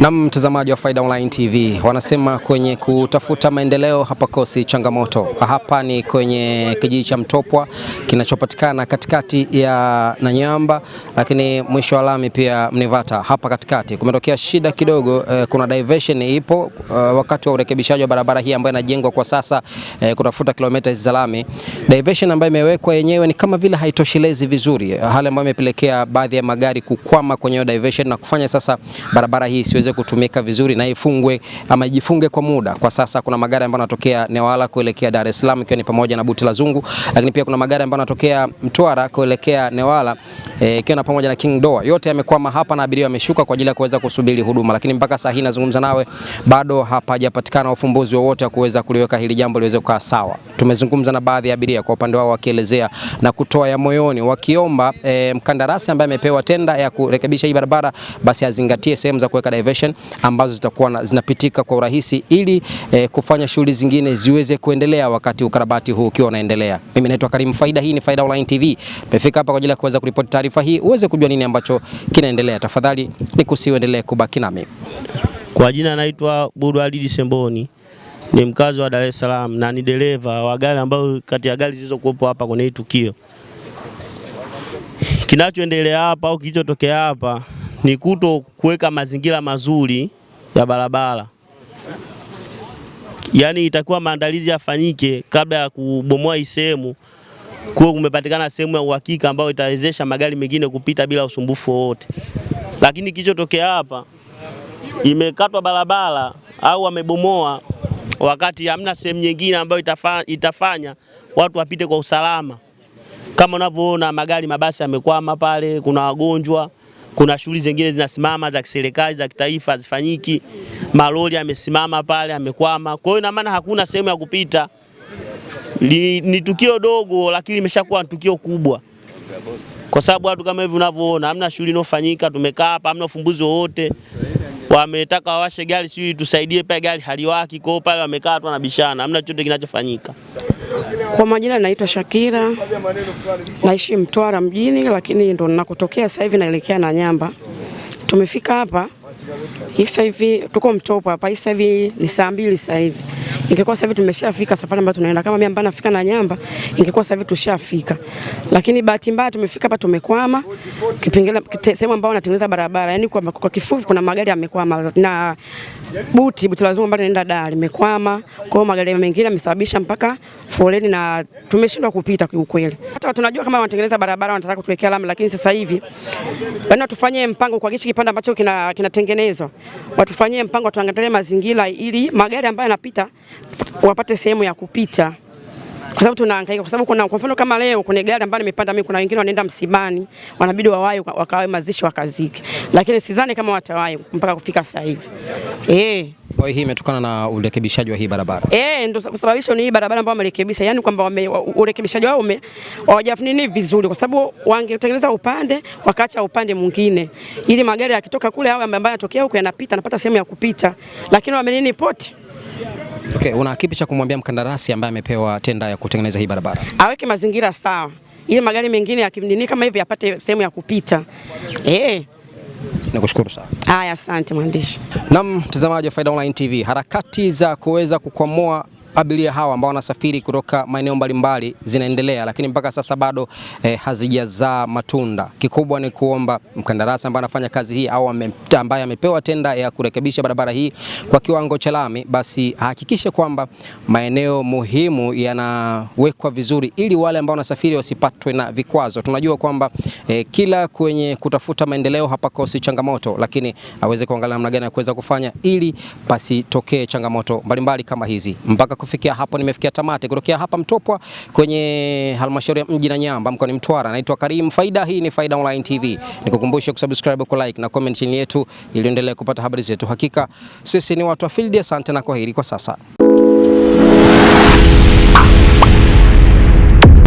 Na mtazamaji wa Faida Online TV, wanasema kwenye kutafuta maendeleo hapa kosi changamoto. Hapa ni kwenye kijiji cha Mtopwa kinachopatikana katikati ya Nanyamba, lakini mwisho wa lami pia Mnivata. Hapa katikati kumetokea shida kidogo eh, kuna diversion ipo eh, wakati wa urekebishaji wa barabara hii ambayo inajengwa kwa sasa eh, kutafuta kilomita za lami. Diversion ambayo imewekwa yenyewe ni kama vile haitoshelezi vizuri, eh, hali ambayo imepelekea baadhi ya magari kukwama kwenye diversion na kufanya sasa barabara hii siwezi iweze kutumika vizuri na ifungwe ama ijifunge kwa muda. Kwa sasa kuna magari ambayo yanatokea Newala kuelekea Dar es Salaam ikiwa ni pamoja na buti la Zungu, lakini pia kuna magari ambayo yanatokea Mtwara kuelekea Newala Eh, ikiwa e, pamoja na King Doa, yote yamekwama hapa na abiria wameshuka kwa ajili ya kuweza kusubiri huduma, lakini mpaka saa hii nazungumza nawe bado hapajapatikana ufumbuzi wowote wa kuweza kuliweka hili jambo liweze kukaa sawa. Tumezungumza na baadhi ya abiria kwa upande wao wakielezea na kutoa ya moyoni wakiomba e, mkandarasi ambaye amepewa tenda ya kurekebisha hii barabara basi azingatie sehemu za kuweka diversion ambazo zitakuwa zinapitika kwa urahisi ili e, kufanya shughuli zingine ziweze kuendelea wakati ukarabati huu ukiwa unaendelea. Mimi naitwa Karim Faida, hii ni Faida Online TV. Nimefika hapa kwa ajili ya kuweza kuripoti taarifa hii uweze kujua nini ambacho kinaendelea. Tafadhali nikusiuendelee kubaki nami. Kwa jina naitwa Budu Alidi Semboni, ni mkazi wa Dar es Salaam na ni dereva wa gari ambayo kati ya gari zilizokuwepo hapa kwenye hii tukio. Kinachoendelea hapa au kilichotokea hapa ni kuto kuweka mazingira mazuri ya barabara, yaani itakuwa maandalizi yafanyike kabla ya kubomoa hii sehemu. Kwa kumepatikana sehemu ya uhakika ambayo itawezesha magari mengine kupita bila usumbufu wowote. Lakini kilichotokea hapa, imekatwa barabara au wamebomoa, wakati hamna sehemu nyingine ambayo itafanya, itafanya watu wapite kwa usalama. Kama unavyoona magari, mabasi yamekwama pale, kuna wagonjwa, kuna shughuli zingine zinasimama za kiserikali za kitaifa hazifanyiki, malori yamesimama pale, yamekwama. Kwa hiyo ina maana hakuna sehemu ya kupita. Li, ni tukio dogo lakini limeshakuwa tukio kubwa, kwa sababu watu kama hivi unavyoona, hamna shughuli inofanyika. Tumekaa hapa, hamna ufumbuzi wowote. Wametaka wawashe gari, sijui tusaidie pale, gari haliwaki. Kwa hiyo pale wamekaa tu wanabishana, hamna chote kinachofanyika. Kwa majina naitwa Shakira, naishi Mtwara mjini, lakini ndo ninakotokea sasa hivi, naelekea na Nyamba. Tumefika hapa sasa hivi tuko mtopo hapa, sasa hivi ni saa mbili sasa hivi. Ingekuwa sasa hivi tumeshafika safari ambayo tunaenda. Kama mimi ambaye nafika na nyamba, ingekuwa sasa hivi tushafika. Lakini bahati mbaya tumefika hapa tumekwama. Kipengele sehemu ambayo wanatengeneza barabara. Yaani kwa, kwa kifupi kuna magari yamekwama na buti buti lazima ambayo inaenda Dar limekwama. Kwa hiyo magari mengine yamesababisha mpaka foleni na tumeshindwa kupita kwa ukweli. Hata tunajua kama wanatengeneza barabara wanataka kutuwekea lami, lakini sasa hivi yaani tufanye mpango kwa kishi kipande ambacho kinatengeneza kina kutengenezwa, watufanyie mpango, tuangalie mazingira ili magari ambayo yanapita wapate sehemu ya kupita kwa sababu tunahangaika, kwa sababu kuna kwa mfano kama leo kuna gari ambayo nimepanda mimi, kuna wengine wanaenda msibani, wanabidi wawai wakawae mazishi wakazike, lakini sidhani kama watawai mpaka kufika sasa hivi eh. Kwa hiyo hii imetokana na urekebishaji wa hii barabara. Eh, ndio sababisho ni hii barabara ambayo wamerekebisha. Yaani kwamba wame, urekebishaji wao hawajafanini vizuri kwa sababu wangetengeneza upande wakaacha upande mwingine ili magari yakitoka kule au ambayo yanatokea huko yanapita anapata sehemu ya kupita. Lakini wamenini poti Okay, una kipi cha kumwambia mkandarasi ambaye amepewa tenda ya kutengeneza hii barabara? Aweke mazingira sawa ili magari mengine yakinini kama hivi yapate sehemu ya kupita. Eh. Nakushukuru sana. Haya, asante mwandishi. Naam, mtazamaji wa Faida Online TV, harakati za kuweza kukwamua abiria hawa ambao wanasafiri kutoka maeneo mbalimbali zinaendelea, lakini mpaka sasa bado eh, hazijazaa matunda. Kikubwa ni kuomba mkandarasi ambaye anafanya kazi hii au ambaye amepewa tenda ya kurekebisha barabara hii kwa kiwango cha lami, basi ahakikishe kwamba maeneo muhimu yanawekwa vizuri, ili wale ambao wanasafiri wasipatwe na vikwazo. Tunajua kwamba eh, kila kwenye kutafuta maendeleo hapakosi changamoto, lakini aweze kuangalia namna gani ya kuweza kufanya ili pasitokee changamoto mbalimbali kama hizi mpaka kufikia hapo nimefikia tamati. Kutokea hapa Mtopwa kwenye halmashauri ya mji na Nyamba mkoani Mtwara, naitwa Karim Faida. Hii ni Faida Online TV, nikukumbushe kusubscribe, ku like na comment chini yetu ili uendelee kupata habari zetu. Hakika sisi ni watu wa field. Asante na kwaheri kwa sasa.